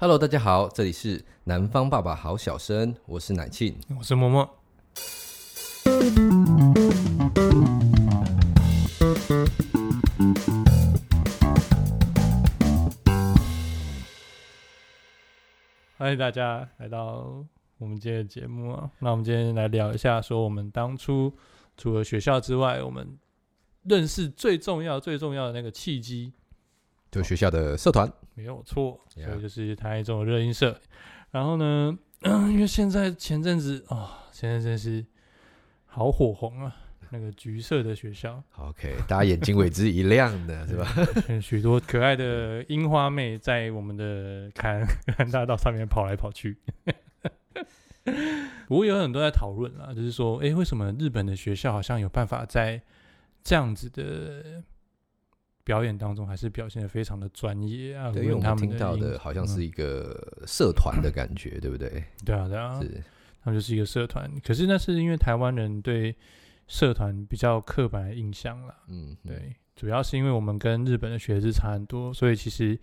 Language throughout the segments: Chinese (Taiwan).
Hello，大家好，這裡是南方爸爸好小生，我是乃慶，我是默默。歡迎大家來到我們今天的節目啊，那我們今天來聊一下，說我們當初除了學校之外，我們認識最重要最重要的那個契機，就是學校的社團。沒有錯，所以就是它一熱音社。Yeah. 然後呢、嗯，因為現在前陣子哦，現在真是好火紅啊，那個橘色的學校。OK，大家眼睛為之一亮的 是吧？嗯、許多可愛的櫻花妹在我們的看看大道上面跑來跑去。 不過有很多在討論啊，就是說，哎，為什麼日本的學校好像有辦法在這樣子的？表演當中還是表現得非常的專業啊！因對他們，們聽到的好像是一個社團的感覺，嗯、對不對？對啊，對啊，對啊是，是他們就是一個社團。可是那是因為台灣人對社團比較刻板的印象啦。嗯哼，對，主要是因為我們跟日本的學制差很多，所以其實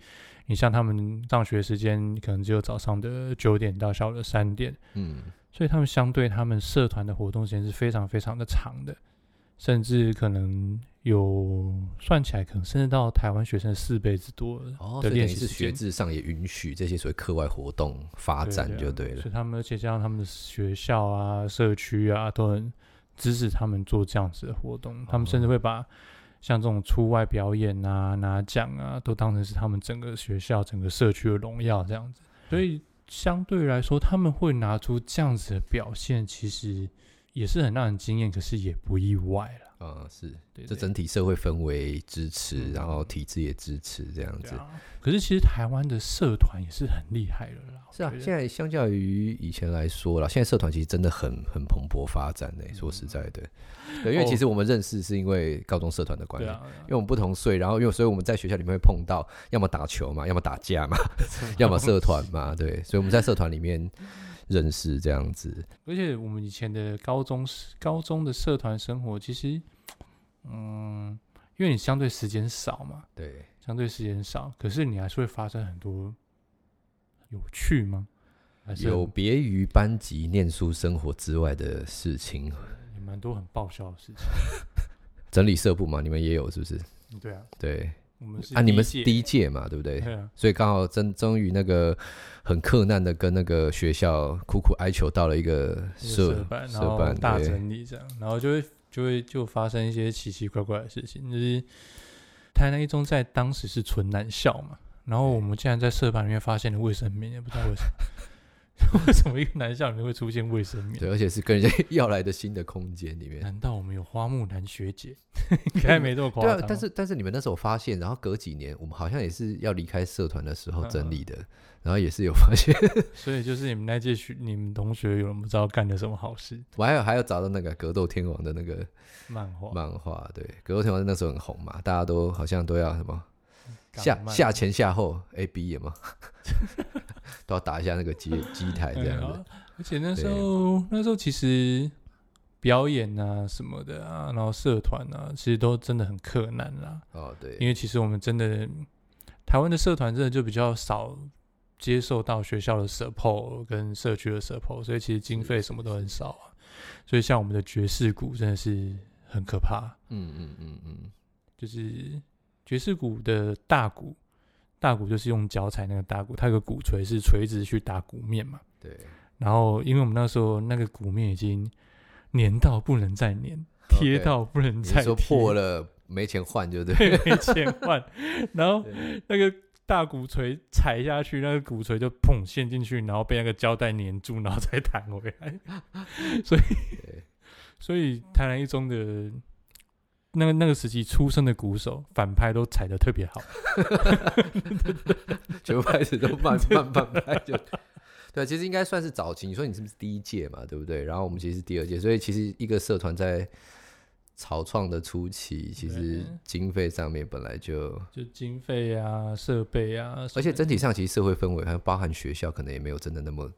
你像他們上學時間可能只有早上的九點到下午的三點，嗯，所以他們相對他們社團的活動時間是非常非常的長的，甚至可能。有算起來，可能甚至到台灣學生四倍之多的練習時間，哦、是學制上也允許這些所謂課外活動發展，對對對、啊，就對了。所以他們，而且加上他們的學校啊、社區啊，都很支持他們做這樣子的活動。哦、他們甚至會把像這種出外表演啊、拿獎啊，都當成是他們整個學校、整個社區的榮耀這樣子。所以相對來說，他們會拿出這樣子的表現，其實也是很讓人驚艷，可是也不意外啦。啊、嗯，是對，這整體社會氛圍支持，對對，然後體制也支持這樣子、啊。可是其實台灣的社團也是很厲害的啦，是啊。對對，現在相較於以前來說了，現在社團其實真的很很蓬勃發展呢、欸。嗯、說實在的對，對，因為其實我們認識是因為高中社團的關係，哦啊啊、因為我們不同歲，然後因為所以我們在學校裡面會碰到，要麼打球嘛，要麼打架嘛， 要麼社團嘛，對，所以我們在社團裡面。認識這樣子，而且我們以前的高中高中的社團生活，其實，嗯，因為你相對時間少嘛，對，相對時間少，可是你還是會發生很多有趣嗎？還是有別於班級念書生活之外的事情，也蠻多很爆笑的事情， 整理社部嘛，你們也有是不是？對啊，對。我們是啊，你們是第一屆嘛，對不對？對啊、所以剛好終終於那個很克難的，跟那個學校苦苦哀求，到了一個社辦，然後大整理這樣，對然後就會就會就發生一些奇奇怪怪的事情，就是台南一中在當時是純男校嘛，然後我們竟然在社辦裡面發現了衛生棉，嗯、不知道為什麼。 為什麼一個男校裡面會出現衛生棉？ 對，而且是跟人家要來的新的空間裡面。難道我們有花木蘭學姐？ 應該沒這麼誇張、 啊。但是但是你們那時候發現，然後隔幾年我們好像也是要離開社團的時候整理的，嗯嗯然後也是有發現。所以就是你們那屆學，你們同學有人不知道幹了什麼好事？ 我還有還有找到那個格鬥天王的那個漫畫漫畫，對，格鬥天王那時候很紅嘛，大家都好像都要什麼。下下前下後 A B 也嘛， 都要打一下那個機機 台這樣子。而且那時候對那時候其實表演啊什麼的啊，然後社團啊，其實都真的很克難啦。哦，對，因為其實我們真的台灣的社團真的就比較少接受到學校的 support 跟社區的 support，所以其實經費什麼都很少啊。所以像我們的爵士鼓真的是很可怕。嗯嗯嗯嗯，嗯嗯嗯就是。爵士鼓的大鼓，大鼓就是用腳踩那個大鼓，它有個鼓槌是垂直去打鼓面嘛。對。然後，因為我們那時候那個鼓面已經黏到不能再粘，okay, 貼到不能再貼。你說破了沒錢換就對。對，沒錢換。 然後那個大鼓槌踩下去，那個鼓槌就砰陷進去，然後被那個膠帶黏住，然後再彈回來。所以，對所以台南一中的。那個那個時期出生的鼓手，反拍都踩得特別好，就開始都慢慢慢拍就，對，其實應該算是早期。你說你是不是第一屆嘛？對不對？然後我們其實是第二屆，所以其實一個社團在草創的初期，其實經費上面本來就就經費啊、設備啊，而且整體上其實社會氛圍還包含學校，可能也沒有真的那麼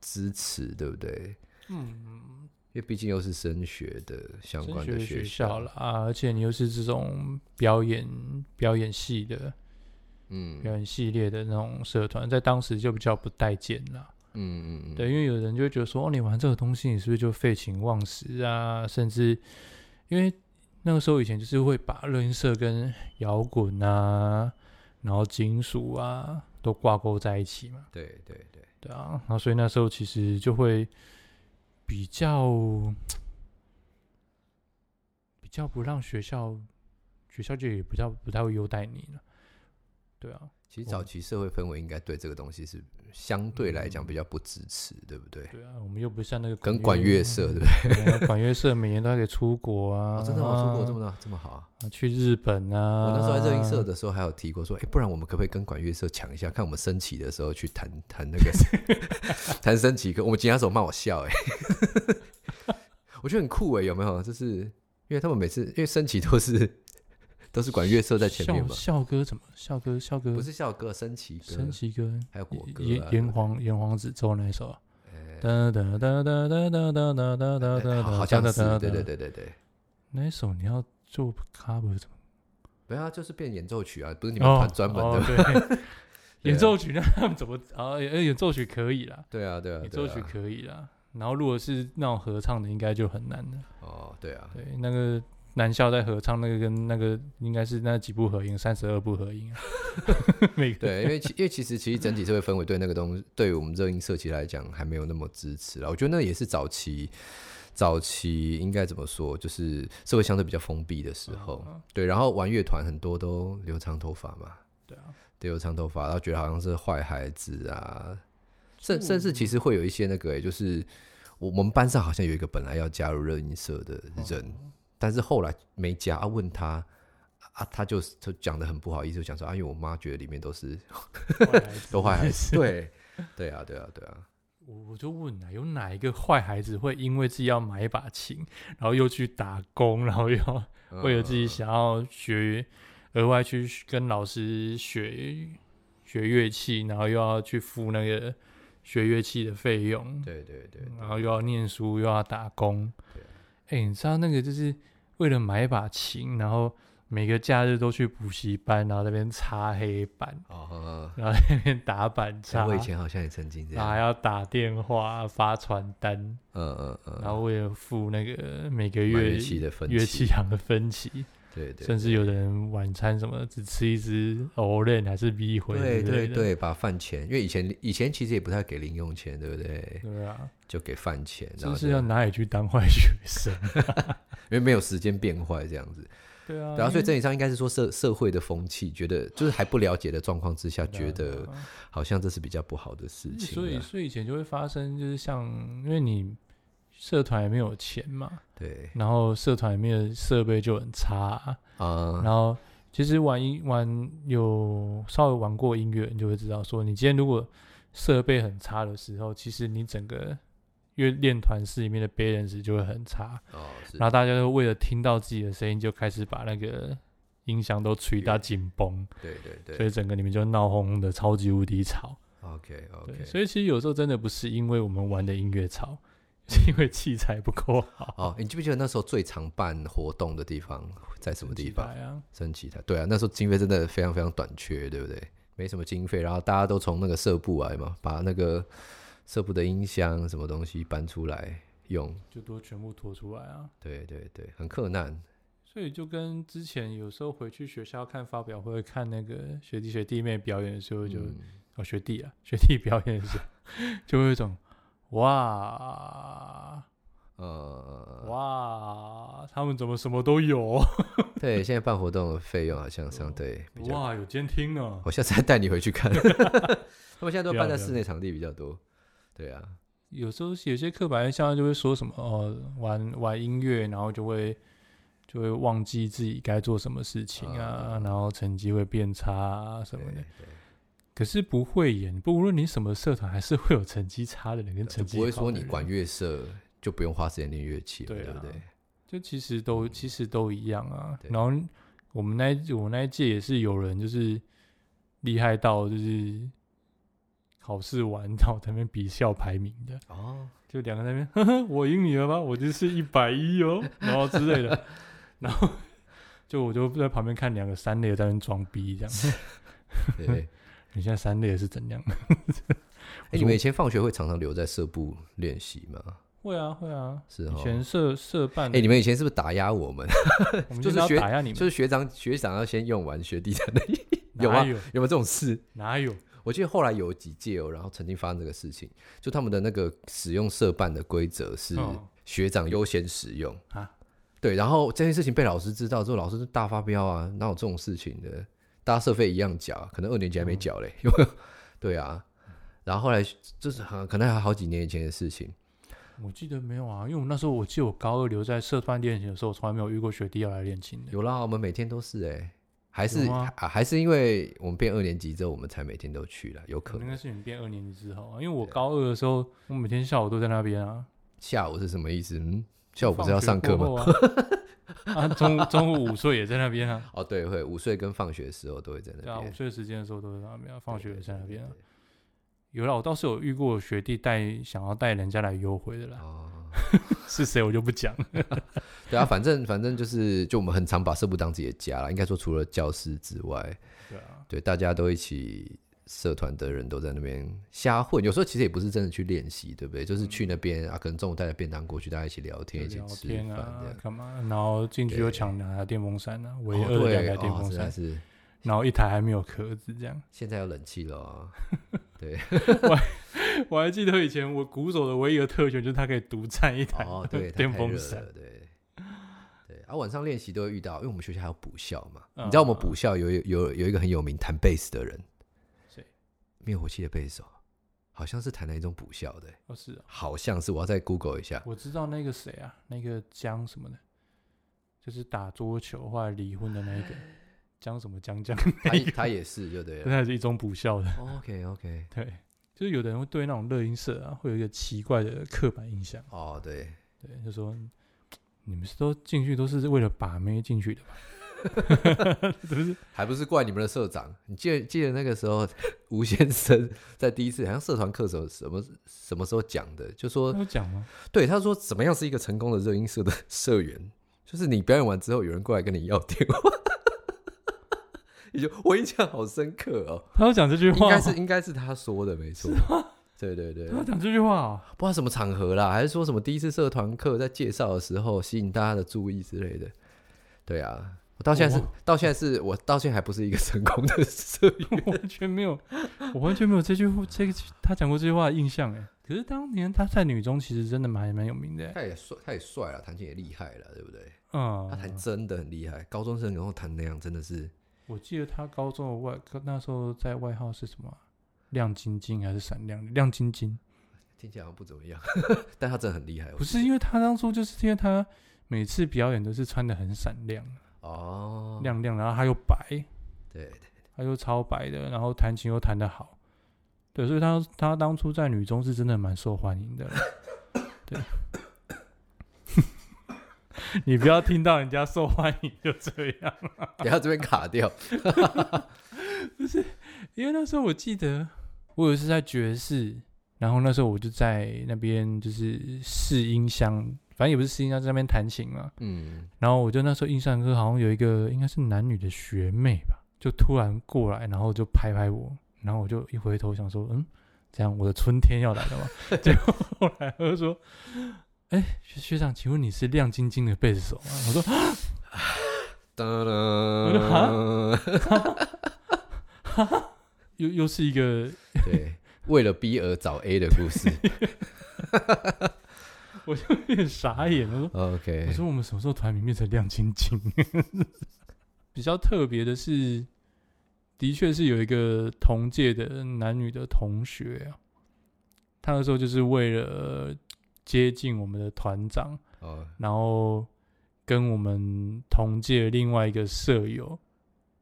支持，對不對？嗯。畢竟又是升學的相關的學校了啊，而且你又是這種表演表演系的，嗯，表演系列的那種社團，在當時就比較不待見了。嗯,嗯,嗯,嗯對，因為有人就會覺得說，哦，你玩這個東西，你是不是就廢寢忘食啊？甚至因為那個時候以前就是會把熱音社跟搖滾啊，然後金屬啊都掛鈎在一起嘛。對對對，對啊，然後所以那時候其實就會。比較，比較不讓學校，學校就也比較不太會優待你了，對啊。其實早期社會氛圍應該對這個東西是相對來講比較不支持，嗯、對不對？對啊，我們又不像那個跟管樂社，對不對、嗯對啊？管樂社每年都要給出國啊，真的，我出國這麼大這麼好啊，去日本啊！我那時候在熱音社的時候還有提過說誒，不然我們可不可以跟管樂社搶一下，看我們升旗的時候去彈彈那個 彈升旗歌？我們吉他手罵我笑哎，欸， 我覺得很酷哎，欸，有沒有？就是因為他們每次因為升旗都是。都是管樂社在前面吧？校歌怎麼？校歌校歌不是校歌，升旗升旗歌還有國歌。炎炎黃炎黃子奏那一首，噠噠噠噠噠噠噠噠噠噠，好像是對對對對對。那一首你要做 cover 怎麼？不要，就是變演奏曲啊，不是你們專專門的演奏曲，那怎麼啊？演奏曲可以啦，對啊對啊，演奏曲可以啦。然後如果是那種合唱的，應該就很難的。哦，對啊，對那個。南校在合唱那個跟那個應該是那幾部合音，三十二部合音對，因為其因為其實其實整體社會氛圍對那個東西， 對我們熱音社其來講還沒有那麼支持了。我覺得那也是早期早期應該怎麼說，就是社會相對比較封閉的時候。啊啊、對，然後玩樂團很多都留長頭髮嘛。對啊，留長頭髮，然後覺得好像是壞孩子啊，嗯、甚甚至其實會有一些那個、欸，就是我我們班上好像有一個本來要加入熱音社的人。啊啊但是後來沒加啊？問他啊，他就就講得很不好意思，就講說啊，因為我媽覺得裡面都是壞孩子。對對啊，對啊，對啊！我我就問啊，有哪一個壞孩子會因為自己要買一把琴，然後又去打工，然後又為了自己想要學，額外去跟老師學學樂器，然後又要去付那個學樂器的費用？對對對，對，然後又要念書，又要打工。哎對對對對，欸，你知道那個就是。為了買一把琴，然後每個假日都去補習班，然後在那邊擦黑板，oh, oh, oh. 然後在那邊打板擦。我以前好像也曾經這樣，還要打電話發傳單，oh, oh, oh. 然後為了付那個每個月樂器行的分期。對對，對對，甚至有的人晚餐什麼只吃一隻 orange，還是米粉？對對對，把飯錢，因為以前以前其實也不太給零用錢，對不對？對啊，就給飯錢，然後是要哪裡去當壞學生啊？ 因為沒有時間變壞這樣子。對啊，然後所以整體上應該是說社為社會的風氣，覺得就是還不了解的狀況之下，覺得好像這是比較不好的事情。所以所以以前就會發生，就是像因為你。社團也沒有錢嘛，對，然後社團裡面的設備就很差啊，嗯、然後其實玩音玩有稍微玩過音樂，你就會知道說，你今天如果設備很差的時候，其實你整個因為練團室裡面的 balance 就會很差哦，是然後大家都為了聽到自己的聲音，就開始把那個音響都吹到緊繃，對，對對對，所以整個裡面就鬧哄哄的超級無敵吵，OK OK，對所以其實有時候真的不是因為我們玩的音樂吵。嗯是因為器材不夠好哦，你記不記得那時候最常辦活動的地方在什麼地方升旗台啊？升旗台，對啊，那時候經費真的非常非常短缺，對不對？沒什麼經費，然後大家都從那個社部來嘛，把那個社部的音箱什麼東西搬出來用，就都全部拖出來啊！對對對，很困難。所以就跟之前有時候回去學校看發表會，看那個學弟學弟妹表演的時候，嗯、就哦學弟啊，學弟表演的時候， 就會有一種。哇，呃，哇，他們怎麼什麼都有？ 對，現在辦活動的費用好像相對，哇，有監聽呢、啊。我下次還帶你回去看， 他們現在都辦在室內場地比較多。對啊，有時候有些刻板印象就會說什麼哦、呃，玩玩音樂，然後就會就會忘記自己該做什麼事情啊，啊然後成績會變差、啊、對什麼的。對對。可是不會演，不論你什麼社團，還是會有成績差的人跟成績不會說你管樂社就不用花時間練樂器了，對，啊、對不對？就其實都其實都一樣啊。嗯、然後我們那一我那一屆也是有人就是厲害到就是考試完，然後他們比校排名的哦。就兩個在那邊，呵呵我贏你了嗎？我就是一百一哦，然後之類的， 然後就我就在旁邊看兩個三流在那邊裝逼這樣。 對，對。你現在三類是怎樣？哎、 欸，什你們以前放學會常常留在社部練習嗎？會啊，會啊。是齁以前社社辦，哎、欸，你們以前是不是打壓我們？ 就是打壓你們， 就是學長 學長要先用完學弟的，學弟才能用。有啊，有沒有這種事？哪有？我記得後來有幾屆哦、喔，然後曾經發生這個事情，就他們的那個使用社辦的規則是學長優先使用、哦、啊。對，然後這件事情被老師知道之後，老師就大發飆啊，哪有這種事情的？搭社費一樣繳，可能二年級還沒繳嘞。嗯、 對啊，然後，後來這是很可能還好幾年以前的事情。我記得沒有啊，因為我那時候，我記得我高二留在社團練琴的時候，從來沒有遇過學弟要來練琴。有啦，我們每天都是哎、欸，還是嗎、啊、還是因為我們變二年級之後，我們才每天都去了。有可能應該是你變二年級之後啊，因為我高二的時候，對我每天下午都在那邊啊。下午是什麼意思？嗯、下午不是要上課嗎？ 啊，中中午午睡也在那邊啊。哦，對，會午睡跟放學的時候都會在那邊。啊，午睡時間的時候都在那邊啊，放學也在那邊啊。對對對對。有啦，我倒是有遇過學弟帶想要帶人家來幽會的啦。哦、 是誰我就不講。 對啊，反正反正就是，就我們很常把社辦當自己的家了。應該說，除了教室之外，對啊，對，大家都一起。社團的人都在那邊瞎混，有時候其實也不是真的去練習，對不對？就是去那邊、嗯、啊，可能中午帶了便當過去，大家一起聊天，聊天啊、一起吃飯，這樣幹嘛？然後進去又搶兩台電風扇呢、啊？唯二兩電風扇、哦哦、是，在然後一台還沒有殼子，這樣現在有冷氣了。 對 我還，我還記得以前我鼓手的唯一的特權就是他可以獨占一台電風扇，哦、對對，對。啊，晚上練習都會遇到，因為我們學校還有補校嘛，啊、你知道我們補校有有有，有一個很有名彈貝斯的人。滅火器的背手，好像是彈了一種補校的，欸，哦，是，啊，好像是我要再 Google 一下，我知道那個誰啊，那個江什麼的，就是打桌球或者離婚的那一個江 什麼江江，他他也是，就對了，那是一種補校的。Oh, OK OK，對，就是有的人會對那種熱音社啊，會有一個奇怪的刻板印象。哦，oh, 對，對，就說你們是都進去都是為了把妹進去的吧？ 還不是怪你們的社長。你記得記得那個時候，吳先生在第一次好像社團課時候什麼什麼時候講的？就說有講嗎？對，他說怎麼樣是一個成功的熱音社的社員？就是你表演完之後，有人過來跟你要電話。你就我印象好深刻哦。他要講這句話，應該是應該是他說的沒錯。對對對，對，他講這句話啊、哦，不知道什麼場合啦，還是說什麼第一次社團課在介紹的時候，吸引大家的注意之類的。對啊。我到現在是哇到現在是我到現在還不是一個成功的社員 我完全沒有，我完全沒有這句話這個他講過這句話的印象哎。可是當年他在女中其實真的蠻蠻有名的，他帥，他也帥，他也帥了，彈琴也厲害了，對不對？嗯、啊，他彈真的很厲害，高中生能夠彈那樣真的是。我記得他高中的外那時候在外號是什麼？亮晶晶還是閃亮？亮晶晶，聽起來好像不怎麼樣，呵呵但他真的很厲害。不是因為他當初就是因為他每次表演都是穿得很閃亮。哦，oh, 亮亮，然後他又白，對對對，他又超白的，然後彈琴又彈得好，對，所以他他當初在女中是真的蠻受歡迎的， 對。 你不要聽到人家受歡迎就這樣了，不要這邊卡掉， 不是？因為那時候我記得我有時在爵士，然後那時候我就在那邊就是試音箱。反正也不是私人家在那邊彈琴嘛，嗯，然後我就那時候印象，是好像有一個應該是男女的學妹吧，就突然過來，然後就拍拍我，然後我就一回頭想說，嗯，這樣我的春天要來了嗎？ 結果後來我就說，哎、欸，學長，請問你是亮晶晶的貝斯手嗎？我說，噠、啊，哈哈哈哈哈，又又是一個 對，為了 B 而找 A 的故事。 我就有點傻眼了。我 OK，我說我們什麼時候團裡面才亮晶晶？ 比較特別的是，的確是有一個同屆的男女的同學，他那時候就是為了、呃、接近我們的團長，oh. 然後跟我們同屆另外一個社友，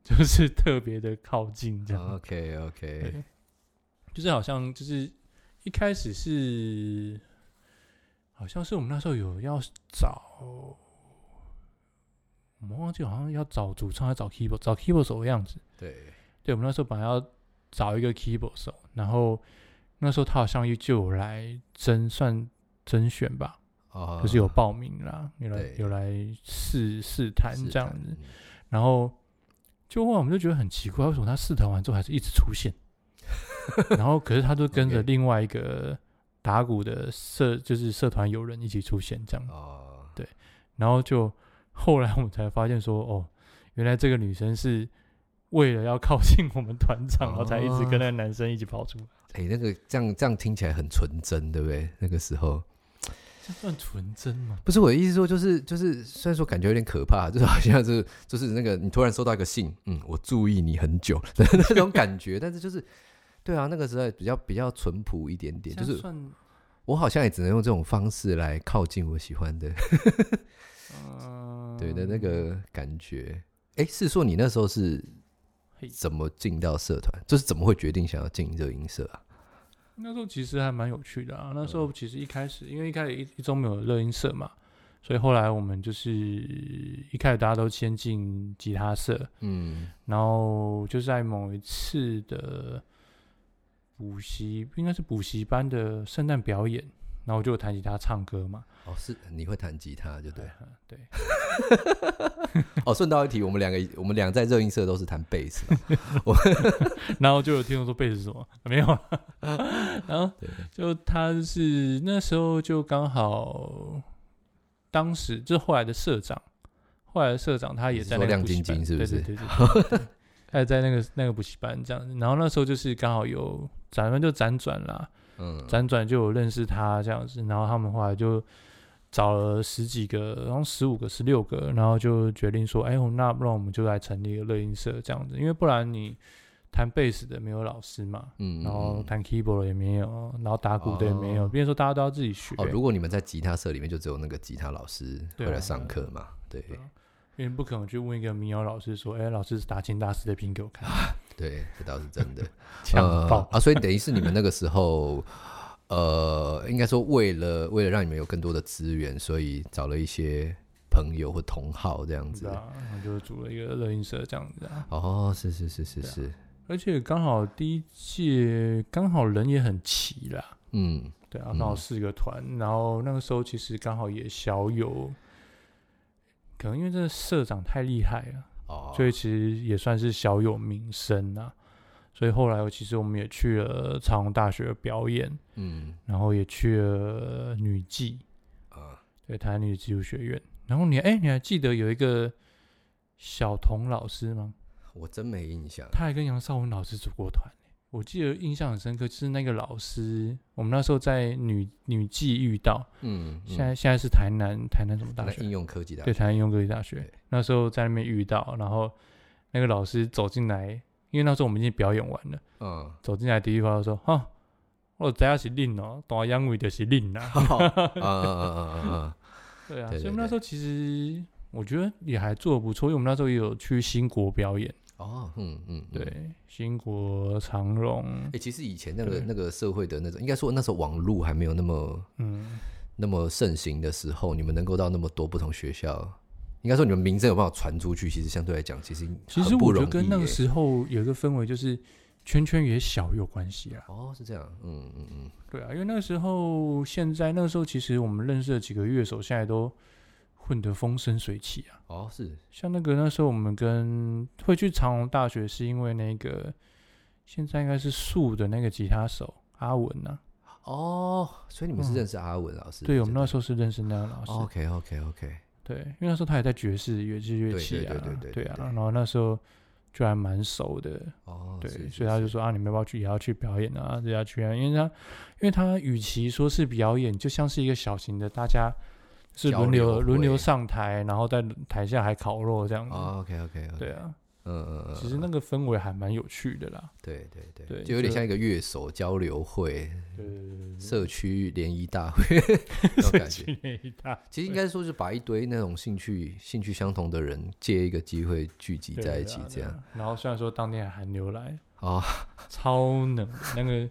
就是特別的靠近這樣。Oh, OK，OK，okay ,、okay. 就是好像就是一開始是。好像是我們那時候有要找，我們忘記好像要找主唱，要找 keyboard，找 keyboard 手的樣子。對，對我們那時候本來要找一個 keyboard 手，然後那時候他好像就有來甄，算甄選吧。哦、就是有報名啦，有來對有來試試彈，這樣子，談然後就後來我們就覺得很奇怪，為什麼他試彈完之後還是一直出現？ 然後可是他就跟着另外一個。 打鼓的社就是社團有人一起出現這樣，oh. 對，然後就後來我們才發現說，哦，原來這個女生是為了要靠近我們團長，oh. 然後才一直跟那個男生一起跑出來。哎、欸，那個這樣這樣聽起來很純真，對不對？那個時候這算純真嗎？不是我的意思，說就是就是，雖然說感覺有點可怕，就是好像、就是就是那個你突然收到一個信，嗯，我注意你很久 那種感覺，但是就是。對啊，那個時候比較比較淳樸一點點，算就是我好像也只能用這種方式來靠近我喜歡的，嗯， 對的那個感覺。哎、欸，是說你那時候是怎麼進到社團？嘿就是怎麼會決定想要進熱音社啊？那時候其實還蠻有趣的啊。那時候其實一開始，嗯、因為一開始一一中沒有熱音社嘛，所以後來我們就是一開始大家都先進吉他社，嗯，然後就是在某一次的。補習應該是補習班的聖誕表演，然後就有彈吉他唱歌嘛。哦，是你會彈吉他，就對、哎、對。 哦，順道一提，我們兩個我們倆在熱音社都是彈貝斯。我 然後就有聽說說貝斯什麼、啊、沒有，啊 然後對就他是那時候就剛好，當時就是後來的社長，後來的社長他也在那亮晶晶是不是？在那個那個補習班這樣子，然後那時候就是剛好有輾轉就輾轉啦，輾轉、嗯、就有認識他這樣子，然後他們後來就找了十幾個，然後十五個、十六個，然後就決定說：“哎，那不然我們就來成立一個熱音社這樣子，因為不然你彈貝斯的沒有老師嘛，嗯，然後彈 keyboard 也沒有，然後打鼓的也沒有，變成、哦、說大家都要自己學、哦。如果你們在吉他社裡面就只有那個吉他老師會來上課嘛，對，啊、對。對啊”因為不可能去問一個民謠老師說：“哎、欸，老師是大清大師的評給我看。啊”對，這倒是真的。強 暴、呃、啊！所以等於是你們那個時候， 呃，應該說為了為了讓你們有更多的資源，所以找了一些朋友或同好這樣子，是啊、然後就是組了一個熱音社這樣子、啊。哦，是是是是是、啊，而且剛好第一屆剛好人也很齊啦。嗯，對啊，剛好四個團，嗯、然後那個時候其實剛好也小有。可能因為這個社長太厲害了，oh. 所以其實也算是小有名聲啊，所以後來，其實我們也去了長榮大學的表演，嗯，mm. 然後也去了女技啊，oh. 對，台灣女子技術學院。然後你哎、欸，你還記得有一個小童老師嗎？我真沒印象。他還跟楊少文老師組過團。我記得印象很深刻，就是那個老師，我們那時候在女女技遇到，嗯，嗯，現在現在是台南台南什麼大學？啊、應用科技大學，對，台南應用科技大學。對那時候在那邊遇到，然後那個老師走進來，因為那時候我們已經表演完了，嗯，走進來第一句話就說：“哈，我、喔、大家是令、啊、哦，大楊偉的是令啊。啊”啊啊啊啊！對啊，所以我們那時候其實我覺得也還做得不錯，對對對對因為我們那時候也有去新國表演。哦，嗯嗯，嗯對，興國長榮，哎，其實以前那個對那個社會的那種，應該說那時候網絡還沒有那麼，嗯，那麼盛行的時候，你們能夠到那麼多不同學校，應該說你們名聲有辦法傳出去，其實相對來講，其實其實我覺得跟那個時候有一個氛圍，就是圈圈也小有關係啊。哦，是這樣，嗯嗯嗯，嗯對啊，因爲那個時候，現在那個時候，其實我們認識的幾個樂手，現在都。混得風生水起啊！哦，是像那個那時候我們跟會去長榮大學，是因為那個現在應該是樹的那個吉他手阿文吶。哦，所以你們是認識阿文老師？對，我們那時候是認識那個老師。OK，OK，OK。對，因為那時候他也在爵士樂器樂器啊，對啊，然後那時候就還蠻熟的。哦，對，所以他就說啊，你們要不要去也要去表演啊？要去啊，因為他因為他與其說是表演，就像是一個小型的大家。是輪流輪流上台，然後在台下還烤肉這樣子。OK OK。對啊，嗯嗯，其實那個氛圍還蠻有趣的啦。對對對，就有點像一個樂手交流會，社區聯誼大會，社區聯誼大會，其實應該說是把一堆那種興趣興趣相同的人借一個機會聚集在一起這樣。然後雖然說當天還寒流來啊，超能那個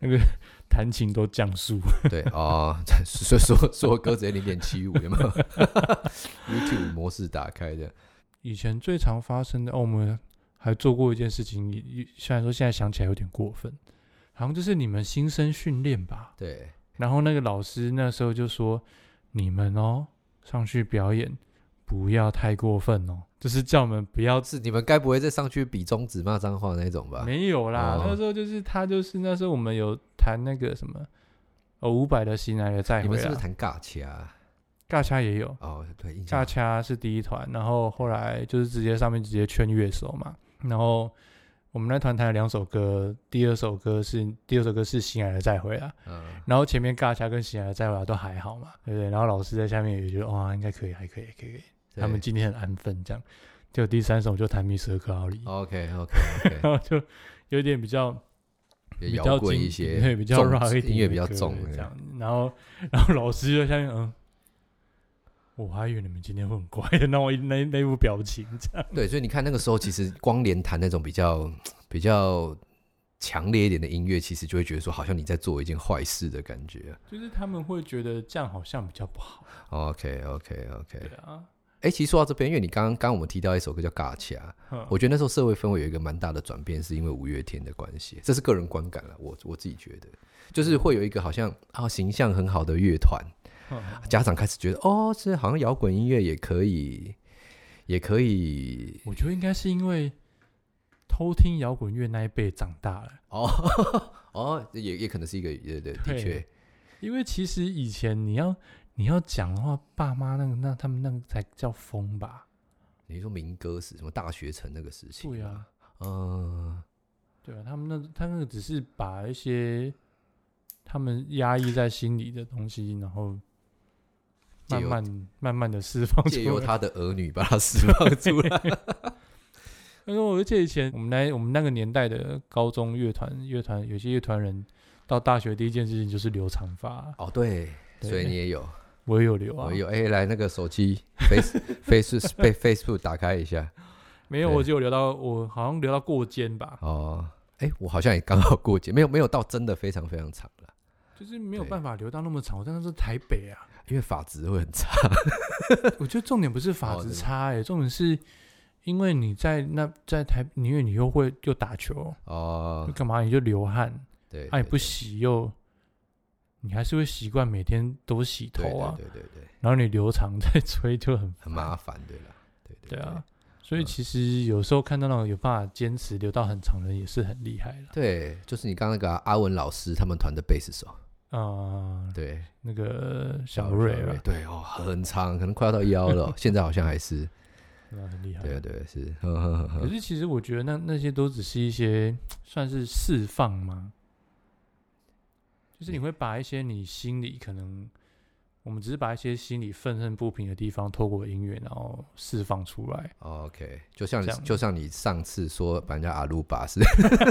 那個。彈琴都降速對，對、哦、所以 說說說歌詞，只有零點七五的有沒有？ YouTube 模式打開的。以前最常發生的哦，我們還做過一件事情，雖然說現在想起來有點過分，好像就是你們新生訓練吧，對，然後那個老師那時候就說你們哦，上去表演不要太過分哦。就是叫我們不要，自，你們該不會再上去比中指罵髒話的那種吧？沒有啦，哦、那時候就是他就是那時候我們有彈那個什麼哦，伍佰的《心愛的再會啦》，你們是不是彈尬掐？尬掐也有哦，對，尬掐是第一團，然後後來就是直接上面直接圈樂手嘛，然後我們那團彈了兩首歌，第二首歌是第二首歌是《心愛的再會啦》。嗯，然後前面尬掐跟《心愛的再會啦》，都還好嘛，對不對？然後老師在下面也覺得哇，應該可以，還可以，可以。可以他們今天很安分，這樣。對就第三首就彈《米斯克奧里》，OK OK，, okay 然後就有點比較比較搖滾一些，比較 rock 重音樂比較重，這樣。然後然後老師就想，嗯，我還以為你們今天會很乖的，那我那那副表情這樣。對，所以你看那個時候，其實光連彈那種比較 比較強烈一點的音樂，其實就會覺得說好像你在做一件壞事的感覺。就是他們會覺得這樣好像比較不好。OK OK OK，對啊哎、欸，其實說到這邊，因為你剛剛剛我們提到一首歌叫 Gacha, 呵《嘎啦我覺得那時候社會氛圍有一個蠻大的轉變，是因為五月天的關係，這是個人觀感了。我我自己覺得，就是會有一個好像啊、哦、形象很好的樂團，呵呵呵家長開始覺得哦，這好像搖滾音樂也可以，也可以。我覺得應該是因為偷聽搖滾樂那一輩長大了哦呵呵哦，也也可能是一個，也對，對，對，對的確確，因為其實以前你要。你要講的話，爸媽那個，那他們那個才叫瘋吧？你說民歌是什麼大學城那個事情？對啊，嗯，對啊，他們那個、他那個只是把一些他們壓抑在心裡的東西，然後慢慢借由慢慢的釋放出來，借由他的兒女把他釋放出來。因為我就記得，以前我們那我們那個年代的高中樂團樂團，有些樂團人到大學第一件事情就是留長髮。哦，對，對所以你也有。我，也有啊、我有留，啊，我有哎，來那個手機 Face, face Facebook facebook 打開一下，沒有，對我就留到我好像留到過肩吧。哦，哎、欸，我好像也剛好過肩，沒有沒有到真的非常非常長了，就是沒有辦法留到那麼長。對我真的是台北啊，因為髮質會很差。 我覺得重點不是髮質差，哎、欸，重點是因為你在那在台，因為你又會又打球哦，你幹嘛你就流汗，對，對，對，對，汗也、啊、不洗又。你還是會習慣每天都洗頭啊，對對、對對對，然後你留長再吹就很很麻煩，對吧？對對對、對啊，所以其實有時候看到那種有辦法堅持留到很長的人，也是很厲害了，嗯。對，就是你剛剛那個阿文老師他們團的貝斯手啊，嗯、對，那個小瑞吧，啊，對哦，很長，可能快要到腰了， 現在好像還是，那、嗯、很厲害對。對對是， 可是其實我覺得那那些都只是一些算是釋放嘛就是你會把一些你心裡可能，我們只是把一些心裡憤恨不平的地方，透過音樂然後釋放出來。OK，就像就像你上次說，叫把人家阿魯巴是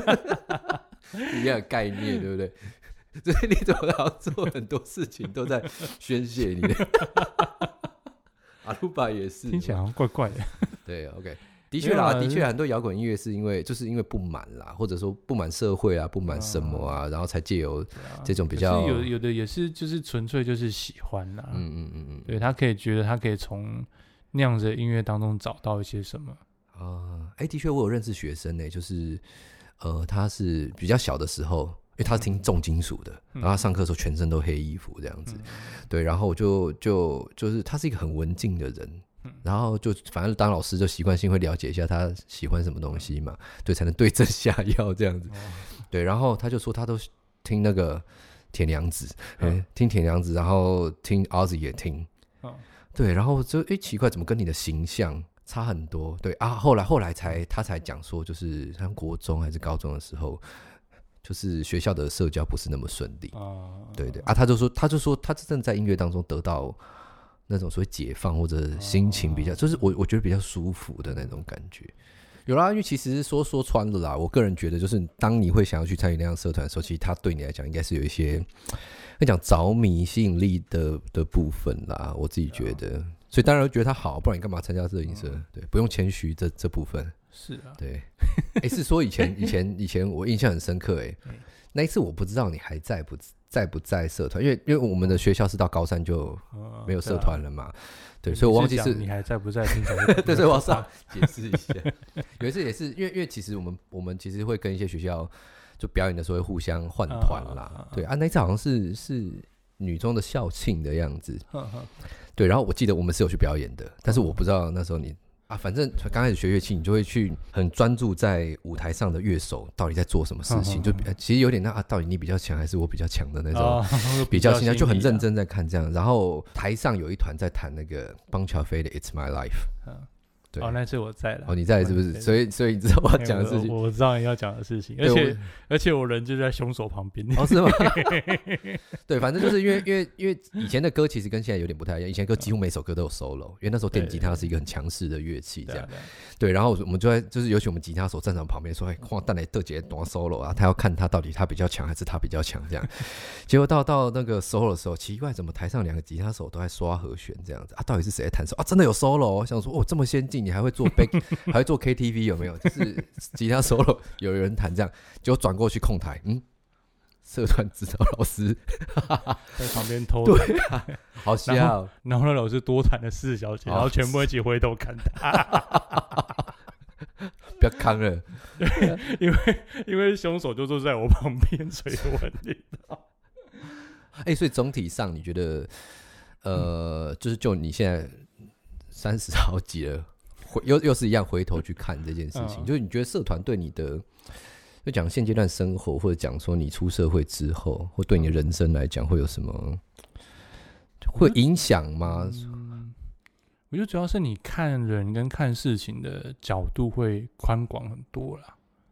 一樣的概念，對不對？ 所以你都要做很多事情，都在宣洩你的。 阿魯巴也是，聽起來好像怪怪的。 對，OK。的確啦，吧的確很多搖滾音樂是因為是就是因為不滿啦，或者說不滿社會啊，不滿什麼啊，啊然後才借由這種比較有有的也是就是純粹就是喜歡啦，嗯嗯嗯嗯，對他可以覺得他可以從那樣子的音樂當中找到一些什麼啊。哎、呃欸，的確我有認識學生誒、欸，就是呃他是比較小的時候，因為他是聽重金屬的，嗯、然後他上課的時候全身都黑衣服這樣子，嗯、對，然後我就就就是他是一個很文靜的人。嗯、然後就反正當老師就習慣性會了解一下他喜歡什麼東西嘛，對，才能對症下藥這樣子。對，然後他就說他都聽那個鐵娘子、嗯哦，聽鐵娘子，然後聽 Ozzy 也聽。對，然後就哎奇怪，怎麼跟你的形象差很多？對啊，後來後來才他才講說，就是他國中還是高中的時候，就是學校的社交不是那麼順利。啊，對對啊，他就說他就說他真的在音樂當中得到，那種所謂解放或者心情比較，就是我我覺得比較舒服的那種感覺，有啦。因為其實說說穿了啦，我個人覺得就是，當你會想要去參與那樣社團的時候，其實他對你來講應該是有一些，會講着迷吸引力的的部分啦。我自己覺得，所以當然覺得他好，不然你幹嘛參加這個攝影社？對，不用謙虛，這這部分是啊，對。哎，是說以前以前以前，我印象很深刻誒、欸，那一次我不知道你還在不在？在不在社團？因為因為我們的學校是到高三就沒有社團了嘛，哦對，啊、對，你所以我忘記是，你，是你還在不在？ 對，所以我要上解釋一下。 有一次也是因為因為其實我們我們其實會跟一些學校就表演的時候會互相換團啦，啊啊啊啊對啊，那一、個、次好像是是女中的校慶的樣子，啊啊、對，然後我記得我們是有去表演的，但是我不知道那時候你。嗯啊，反正剛開始學樂器，你就會去很專注在舞台上的樂手到底在做什麼事情，呵呵就比其實有點那啊，到底你比較強還是我比較強的那種、哦、比較心啊，就很認真在看這樣。然後台上有一團在彈那個邦喬飛的《It's My Life》。對哦，那是我在了。哦，你在是不是？對對對，所以，所以你知道我要講的事情、那個。我知道你要講的事情。而且，而且我人就在凶手旁邊。哦，是嗎？ 對，反正就是因為，因為，因為以前的歌其實跟現在有點不太一樣。以前歌幾乎每首歌都有 solo、嗯、因為那時候電吉他是一個很強勢的樂器，這樣。對，然後我們就在，就是尤其我們吉他手站在我們旁邊說：“哎、欸，哇，蛋奶豆姐多 solo 啊？他要看他到底他比較強還是他比較強這樣。” 結果到到那個 solo 的時候，奇怪，怎麼台上兩個吉他手都在刷和弦這樣子啊？到底是誰在彈手啊？真的有 solo？我想說哦，這麼先進。你還會做 big， 還會做 KTV 有沒有？就是吉他 solo 有人彈這樣，就轉過去控台。嗯，社團指導老師 在旁邊偷彈、對、啊，好笑。然後讓老師多彈了四小節，然後全部一起回頭看他。不要看了 因，因為因為兇手就坐在我旁邊，所以我知道。哎、 欸，所以總體上你覺得，呃，就是就你現在三十好幾了。又又是一樣，回頭去看這件事情，嗯、就是你覺得社團對你的，就講現階段生活，或者講說你出社會之後，或對你的人生來講，會有什麼會影響嗎？我覺得、嗯、主要是你看人跟看事情的角度會寬廣很多了、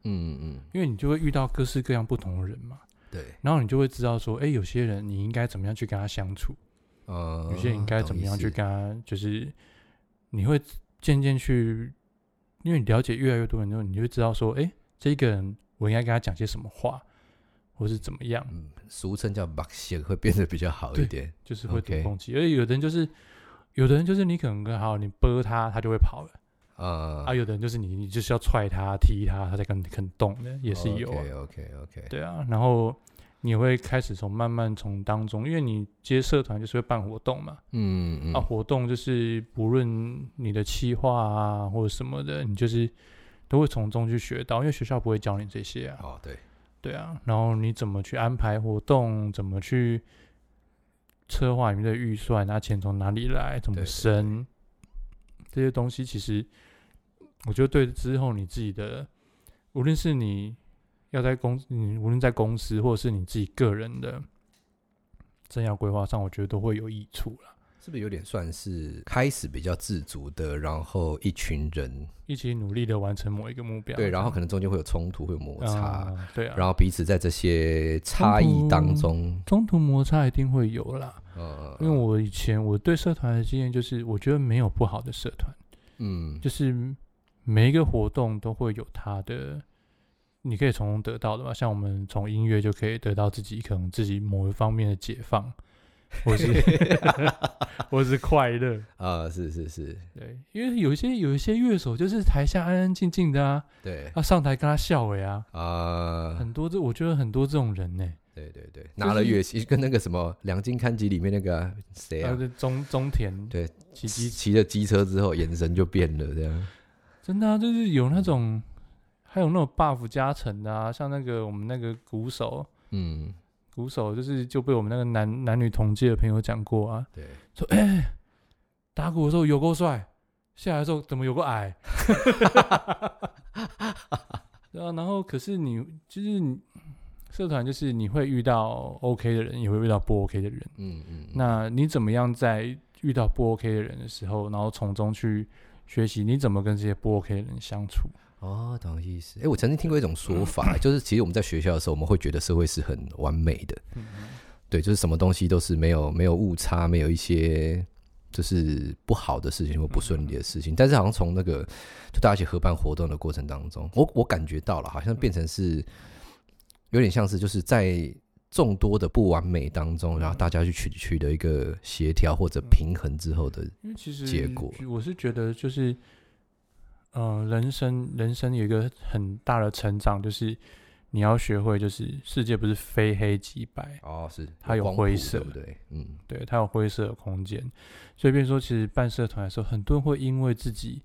嗯。嗯嗯因為你就會遇到各式各樣不同的人嘛。對，然後你就會知道說，哎、欸，有些人你應該怎麼樣去跟他相處？嗯、有些人應該怎麼樣去跟他？就是你會。漸漸去，因為你了解越來越多人之後，你就會知道說，哎、欸，這一個人我應該跟他講些什麼話，或是怎麼樣？嗯、俗稱叫默契會變得比較好一點，就是會懂攻擊。Okay. 而有的人就是，有的人就是，你可能剛好你撥他，他就會跑了啊。Uh, 啊，有的人就是你，你就是要踹他、踢他，他才肯肯動的，uh, 也是有、啊。OK OK，okay. 對啊，然後。你會開始從慢慢從當中，因為你接社團就是會辦活動嘛，嗯，嗯啊，活動就是不論你的企劃啊或者什麼的，你就是都會從中去學到，因為學校不會教你這些啊，哦，對，對啊，然後你怎麼去安排活動，怎麼去策劃你的預算，拿錢從哪裡來，怎麼生，對對對，這些東西其實我覺得對之後你自己的，無論是你。要在公司，你無論在公司或者是你自己個人的生涯規劃上，我覺得都會有益處了。是不是有點算是開始比較自主的，然後一群人一起努力的完成某一個目標？對，然後可能中間會有衝突，會有摩擦，啊對啊。然後彼此在這些差異當中,中，中途摩擦一定會有啦。呃、嗯，因為我以前我對社團的經驗就是，我覺得沒有不好的社團，嗯，就是每一個活動都會有它的。你可以從中得到的嘛？像我們從音樂就可以得到自己可能自己某一方面的解放，或是 或是快樂啊、呃！是是是，對，因為有一些有一些樂手就是台下安安靜靜的啊，對，要、啊、上台跟他笑的呀啊！呃、很多這我覺得很多這種人呢、欸，對對對，就是、拿了樂器跟那個什麼《兩津勘吉》裡面那個誰啊？啊啊就是、中中田對，騎騎騎了機車之後眼神就變了，這樣真的啊，就是有那種。還有那種 buff 加成的啊，像那個我們那個鼓手，嗯，鼓手就是就被我們那個男男女同屆的朋友講過啊，對，說哎打鼓的時候有夠帥，下來的時候怎麼有個矮，哈哈哈。然後可是你就是你社團，就是你會遇到 OK 的人，也會遇到不 OK 的人，嗯嗯，那你怎麼樣在遇到不 OK 的人的時候，然後從中去學習你怎麼跟這些不 OK 的人相處？哦，懂意思。哎、欸，我曾經聽過一種說法，對就是其實我們在學校的時候， 我們會覺得社會是很完美的，嗯、哼對，就是什麼東西都是沒有沒有誤差，沒有一些就是不好的事情或不順利的事情。嗯、哼但是好像從那個就大家一起合辦活動的過程當中，我我感覺到了，好像變成是有點像是就是在眾多的不完美當中，嗯、哼然後大家去取取得一個協調或者平衡之後的結果。因為其實，嗯、我是覺得就是。嗯、呃，人生人生有一個很大的成長，就是你要學會，就是世界不是非黑即白哦，是有它有灰色的，對不對？嗯，對，它有灰色的空間。所以變說，變成說其實辦社團的時候，很多人會因為自己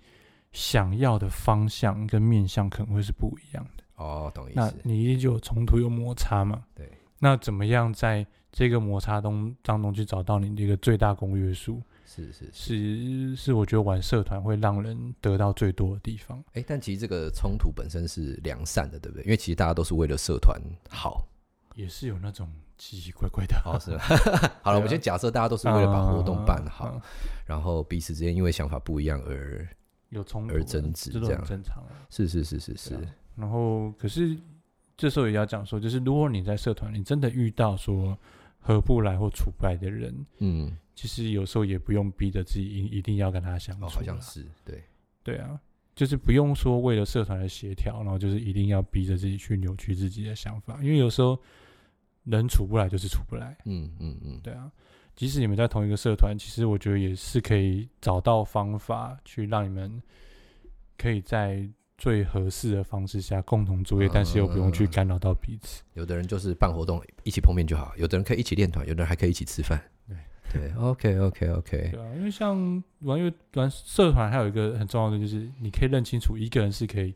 想要的方向跟面向可能會是不一樣的哦，懂意思？那你一定就有衝突、有摩擦嘛？對。那怎麼樣在這個摩擦中當中去找到你的一個最大公約數？是是是是，是我覺得玩社團會讓人得到最多的地方。哎、欸，但其實這個衝突本身是良善的，對不對？因為其實大家都是為了社團好，也是有那種奇奇怪怪的。哦、 好，是、啊。好了，我們先假設大家都是為了把活動辦好，啊啊啊、然後彼此之間因為想法不一樣而有衝突而爭執，這樣，這都很正常。是是是是是、啊。然後，可是這時候也要講說，就是如果你在社團，你真的遇到說合不來或處不來的人，嗯。其實有時候也不用逼着自己一一定要跟他相處，哦，好像是對對啊，就是不用說為了社團的協調，然後就是一定要逼着自己去扭曲自己的想法，因為有時候人處不來就是處不來，嗯嗯嗯，嗯嗯對啊，即使你們在同一個社團，其實我覺得也是可以找到方法去讓你們可以在最合適的方式下共同作業，嗯嗯嗯，但是又不用去干擾到彼此。有的人就是辦活動一起碰面就好，有的人可以一起練團，有的人還可以一起吃飯，對。對，OK，OK，OK。Okay, okay, okay 對啊，因為像玩，因為玩社團還有一個很重要的就是，你可以認清楚一個人是可以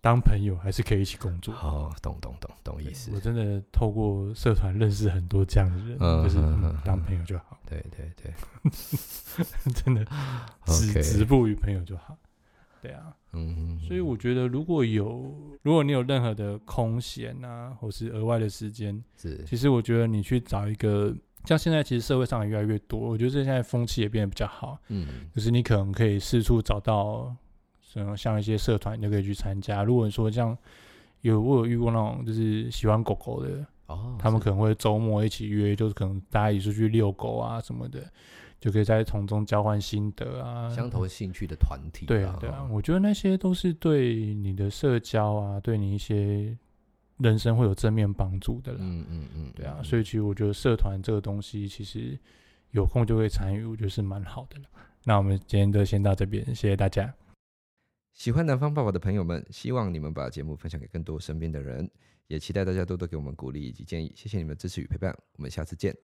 當朋友，還是可以一起工作。哦、嗯，懂懂懂懂意思。我真的透過社團認識很多這樣的人，嗯、就是、嗯嗯、當朋友就好。對，對對對， 真的只止 Okay 步於朋友就好。對啊，嗯，嗯，嗯。所以我覺得如果有如果你有任何的空閒啊，或是額外的時間，是，其實我覺得你去找一個。像現在其實社會上也越來越多，我覺得這現在風氣也變得比較好。嗯，就是你可能可以四處找到，什麼像一些社團就可以去參加。如果說像有我有遇過那種，就是喜歡狗狗的，哦，他們可能會周末一起約，是就是可能大家一起出去遛狗啊什麼的，就可以在從中交換心得啊，相同興趣的團體，啊對。對啊對啊，哦、我覺得那些都是對你的社交啊，對你一些。人生會有正面幫助的啦。嗯嗯嗯，嗯嗯對啊，所以其實我覺得社團這個東西，其實有空就會參與，我覺得是蠻好的。那我們今天就先到這邊，謝謝大家。喜歡南方爸爸的朋友們，希望你們把節目分享給更多身邊的人，也期待大家多多給我們鼓勵以及建議。謝謝你們的支持與陪伴，我們下次見。